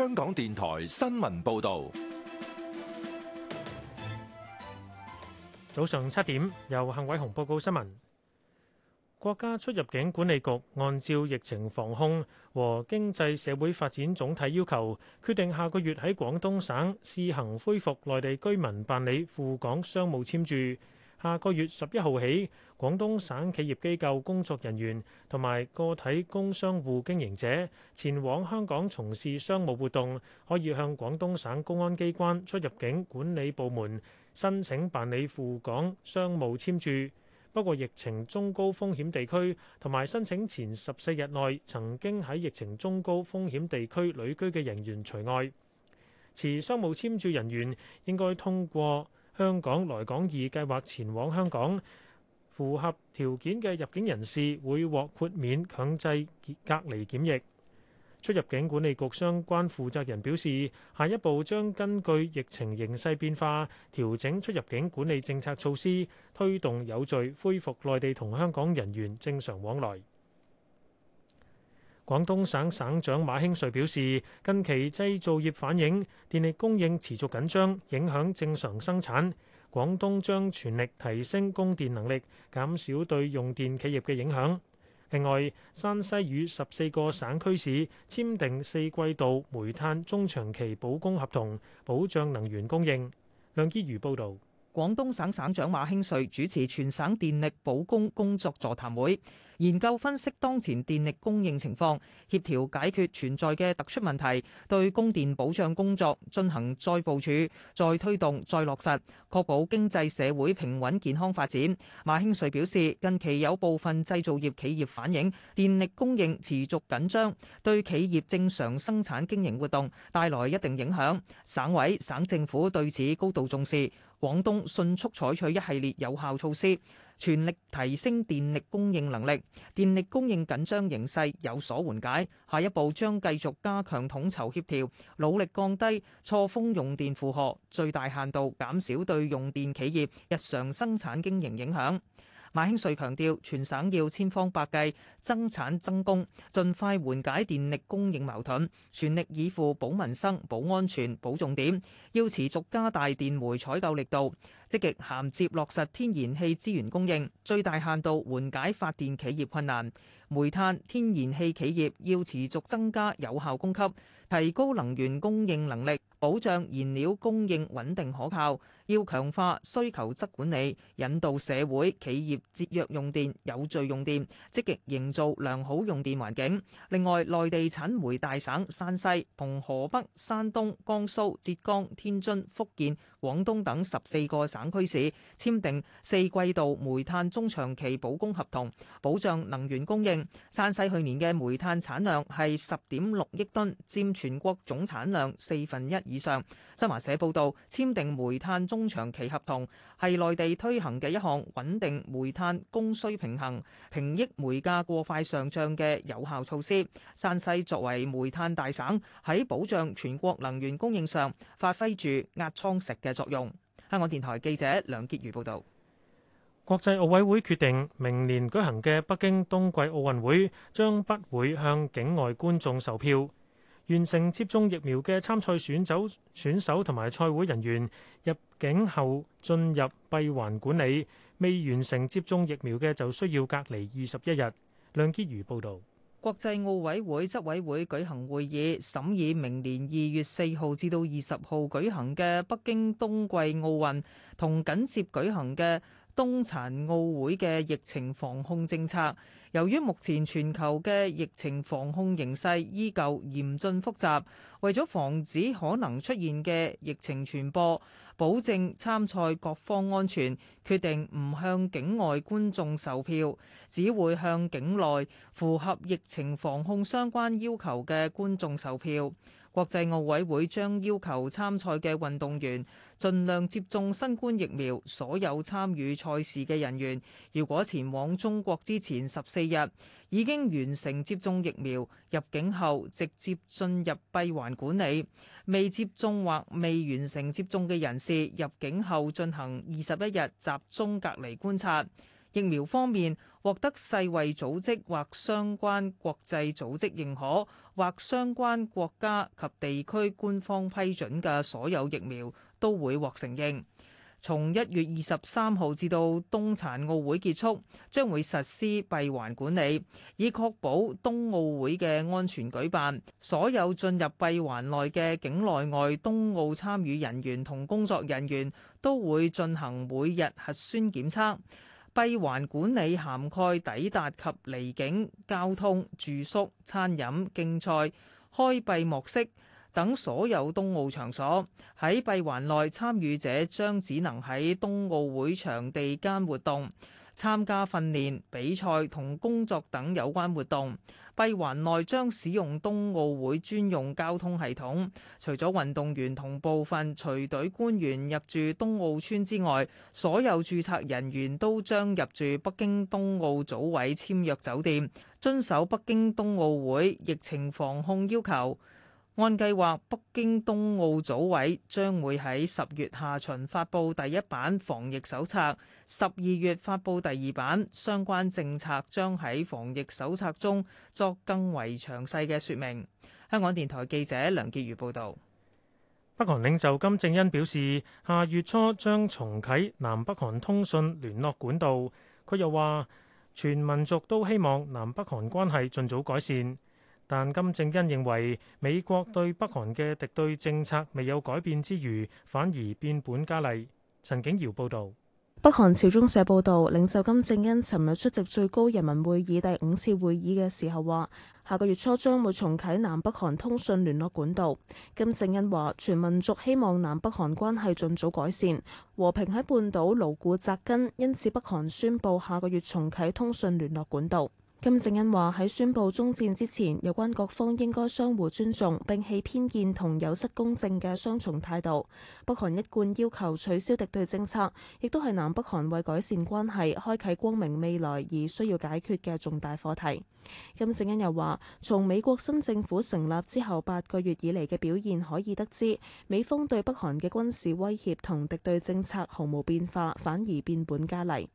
香港電台新聞報道，早上七點，由幸偉雄報告新聞。國家出入境管理局按照疫情防控和經濟社會發展總體要求，決定下個月喺廣東省試行恢復內地居民辦理赴港商務簽注。下個月十一號起，廣東省企業機構工作人員同埋個體工商戶經營者前往香港從事商務活動，可以向廣東省公安機關出入境管理部門申請辦理赴港商務簽注。不過，疫情中高風險地區同埋申請前十四日內曾經喺疫情中高風險地區旅居嘅人員除外。持商務簽注人員應該通過香港來港易計劃前往香港，符合條件嘅入境人士會獲豁免強制隔離檢疫。出入境管理局相關負責人表示，下一步將根據疫情形勢變化調整出入境管理政策措施，推動有序恢復內地同香港人員正常往來。廣東省省長馬興瑞表示，近期製造業反映電力供應持續緊張，影響正常生產。廣東將全力提升供電能力，減少對用電企業嘅影響。另外，山西與十四個省區市簽訂四季度煤炭中長期保供合同，保障能源供應。梁依如報導。廣東省省長馬興瑞主持全省電力保供工作座談會，研究分析當前電力供應情況，協調解決存在嘅突出問題，對供電保障工作進行再部署、再推動、再落實，確保經濟社會平穩健康發展。馬興瑞表示，近期有部分製造業企業反映電力供應持續緊張，對企業正常生產經營活動帶來一定影響，省委省政府對此高度重視。廣東迅速採取一系列有效措施，全力提升電力供應能力，電力供應緊張形勢有所緩解。下一步將繼續加強統籌協調，努力降低錯峰用電負荷，最大限度減少對用電企業日常生產經營影響。馬興瑞強調，全省要千方百計增產增供，盡快緩解電力供應矛盾，全力以赴保民生、保安全、保重點，要持續加大電煤採購力度。積極銜接落實天然氣資源供應，最大限度緩解發電企業困難。煤炭、天然氣企業要持續增加有效供給，提高能源供應能力，保障燃料供應穩定可靠。要強化需求側管理，引導社會企業節約用電、有序用電，積極營造良好用電環境。另外，內地產煤大省山西同河北、山東、江蘇、浙江、天津、福建、廣東等十四個省區市簽訂四季度煤炭中長期保供合同，保障能源供應。山西去年嘅煤炭產量係十點六億噸，佔全國總產量四分一以上。新華社報道，簽訂煤炭中長期合同係內地推行嘅一項穩定煤炭供需平衡、平抑煤價過快上漲嘅有效措施。山西作為煤炭大省，喺保障全國能源供應上發揮住壓艙石嘅作用。香港電台記者梁潔如報道，國際奧委會決定明年舉行嘅北京冬季奧運會將不會向境外觀眾售票。完成接種疫苗嘅參賽選手、選手同埋賽會人員入境後進入閉環管理，未完成接種疫苗嘅就需要隔離二十一日。梁潔如報道。國際奧委會執委會舉行會議，審議明年二月四號至到二十號舉行嘅北京冬季奧運同緊接舉行嘅冬殘奧會嘅疫情防控政策。由於目前全球嘅疫情防控形勢依舊嚴峻複雜，為咗防止可能出現嘅疫情傳播，保證參賽各方安全，決定唔向境外觀眾售票，只會向境內符合疫情防控相關要求嘅觀眾售票。國際奧委會將要求參賽嘅運動員盡量接種新冠疫苗，所有參與賽事嘅人員，如果前往中國之前十四，四日已經完成接種疫苗，入境後直接進入閉環管理；未接種或未完成接種嘅人士，入境後進行二十一日集中隔離觀察。疫苗方面，獲得世衛組織或相關國際組織認可，或相關國家及地區官方批准嘅所有疫苗，都會獲承認。從一月二十三號至到冬殘奧會結束，將會實施閉環管理，以確保冬奧會嘅安全舉辦。所有進入閉環內嘅境內外冬奧參與人員同工作人員都會進行每日核酸檢測。閉環管理涵蓋抵達及離境、交通、住宿、餐飲、競賽、開閉幕式。等所有冬奧場所喺閉環內，參與者將只能喺冬奧會場地間活動，參加訓練、比賽同工作等有關活動，閉環內將使用冬奧會專用交通系統，除咗運動員同部分隨隊官員入住冬奧村之外，所有註冊人員都將入住北京冬奧組委簽約酒店，遵守北京冬奧會疫情防控要求。按計劃，北京冬奧組委將會喺十月下旬發布第一版防疫手冊，十二月發布第二版。相關政策將喺防疫手冊中作更為詳細嘅説明。香港電台記者梁潔如報導。北韓領袖金正恩表示，下月初將重啟南北韓通訊聯絡管道。佢又話，全民族都希望南北韓關係盡早改善。但金正恩認為美國對北韓嘅敵對政策未有改變之餘，反而變本加厲。陳景堯報道。北韓朝中社報道，領袖金正恩尋日出席最高人民會議第五次會議嘅時候話，下個月初將會重啟南北韓通訊聯絡管道。金正恩話，全民族希望南北韓關係盡早改善，和平喺半島牢固紮根，因此北韓宣布下個月重啟通訊聯絡管道。金正恩話喺宣布終戰之前，有關各方應該相互尊重，摒棄偏見同有失公正嘅雙重態度。北韓一貫要求取消敵對政策，亦都係南北韓為改善關係、開啓光明未來而需要解決嘅重大課題。金正恩又話：從美國新政府成立之後八個月以嚟嘅表現可以得知，美方對北韓嘅軍事威脅同敵對政策毫無變化，反而變本加厲。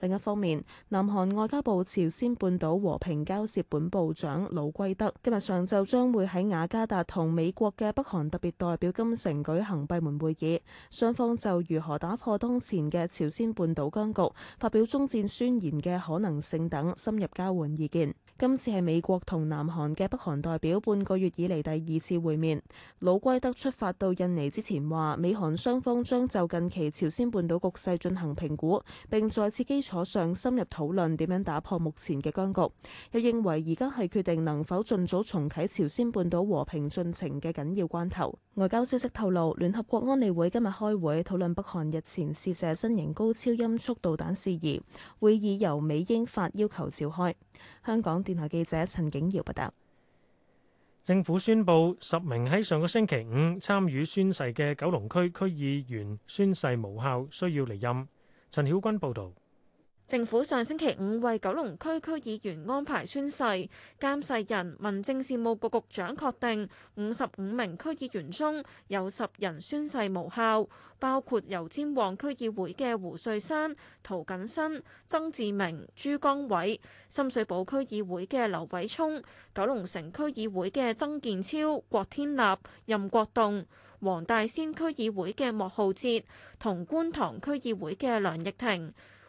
另一方面，南韓外交部朝鮮半島和平交涉本部長魯圭德今日上晝將會喺雅加達同美國嘅北韓特別代表金城舉行閉門會議，雙方就如何打破當前嘅朝鮮半島僵局、發表終戰宣言嘅可能性等深入交換意見。今次係美國同南韓嘅北韓代表半個月以嚟第二次會面。魯圭德出發到印尼之前話，美韓雙方將就近期朝鮮半島局勢進行評估，並在此基礎上深入討論點樣打破目前嘅僵局。又認為而家係決定能否盡早重啟朝鮮半島和平進程嘅緊要關頭。外交消息透露，聯合國安理會今日開會討論北韓日前試射新型高超音速導彈事宜，會議由美、英、法要求召開。香港電台記者陳景瑤報道，政府宣布十名喺上個星期五參與宣誓嘅九龍區區議員宣誓無效，需要離任。陳曉君報道。政府上星期五為九龍區區議員安排宣誓，監誓人民政事務局局長，確定五十五名區議員中有十人宣誓無效，包括油尖旺區議會嘅胡瑞山、陶錦新、曾志明、朱江偉、深水埗區議會嘅劉偉聰、九龍城區議會嘅曾建超、郭天立、任國棟、黃大仙區議會嘅莫浩哲同觀塘區議會嘅梁逸婷。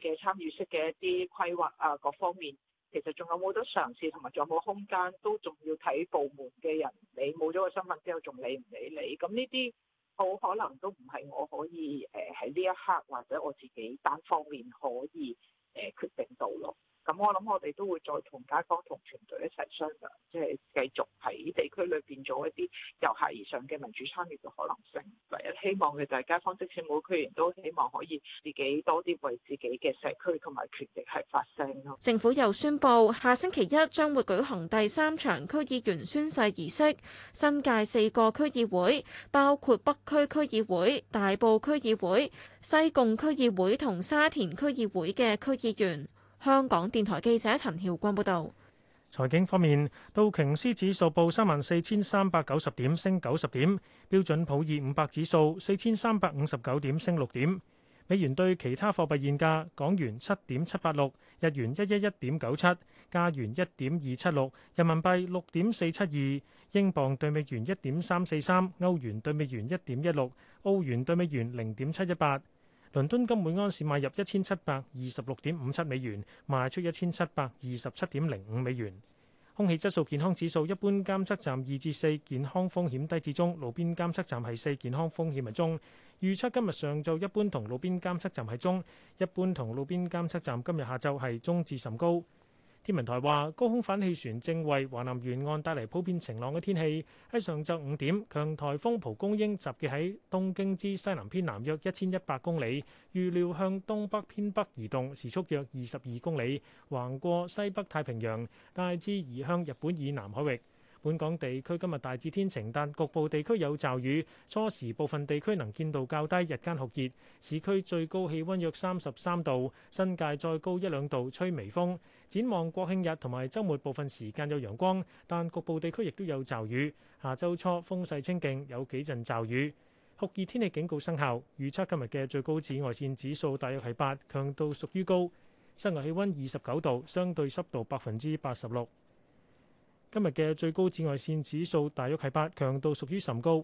嘅參與式嘅一啲規劃啊，各方面其實仲有冇得嘗試，同埋仲有冇空間，都仲要睇部門嘅人，你冇咗個身份之後，仲理唔理你？咁呢啲好可能都唔係我可以誒喺呢一刻，或者我自己單方面可以誒、呃、決定到咯。咁我諗，我哋都會再同街坊同團隊一齊商量，即係繼續喺地區裏邊做一啲由下而上嘅民主參與嘅可能性。唯一希望嘅就係街坊即使冇區員，都希望可以自己多啲為自己嘅社區同埋權益係發聲咯。政府又宣布，下星期一將會舉行第三場區議員宣誓儀式，新界四個區議會，包括北區區議會、大埔區議會、西貢區議會同沙田區議會嘅區議員。香港電台記者陳曉光報道，財經方面，道瓊斯指數報三萬四千三百九十點，升九十點；標準普爾五百指數四千三百五十九點，升六點。美元對其他貨幣現價：港元七點七八六，日元一一一點九七，加元一點二七六，人民幣六點四七二，英鎊兌美元一點三四三，歐元兌美元一點一六，澳元兌美元零點七一八。倫敦金每盎司買入一千七百二十六點五七美元，賣出一千七百二十七點零五美元。空氣質素健康指數一般監測站二至四，健康風險低至中；路邊監測站係四，健康風險係中。預測今日上晝一般同路邊監測站係中，一般同路邊監測站今日下晝係中至甚高。天文台話，高空反氣旋正為華南沿岸帶嚟普遍晴朗嘅天氣。喺上晝五點，強颱風蒲公英集結喺東京之西南偏南約一千一百公里，預料向東北偏北移動，時速約二十二公里，橫過西北太平洋，大致移向日本以南海域。本港地區今日大致天晴，但局部地區有驟雨。初時部分地區能見度較低，日間酷熱，市區最高氣溫約三十三度，新界再高一兩度，吹微風。展望國慶日同埋周末，部分時間有陽光，但局部地區亦都有驟雨。下周初風勢清勁，有幾陣驟雨。酷熱天氣警告生效，預測今日嘅最高紫外線指數大約係八，強度屬於高。室外氣溫二十九度，相對濕度百分之八十六。今日嘅最高紫外線指數大約係八，強度屬於甚高。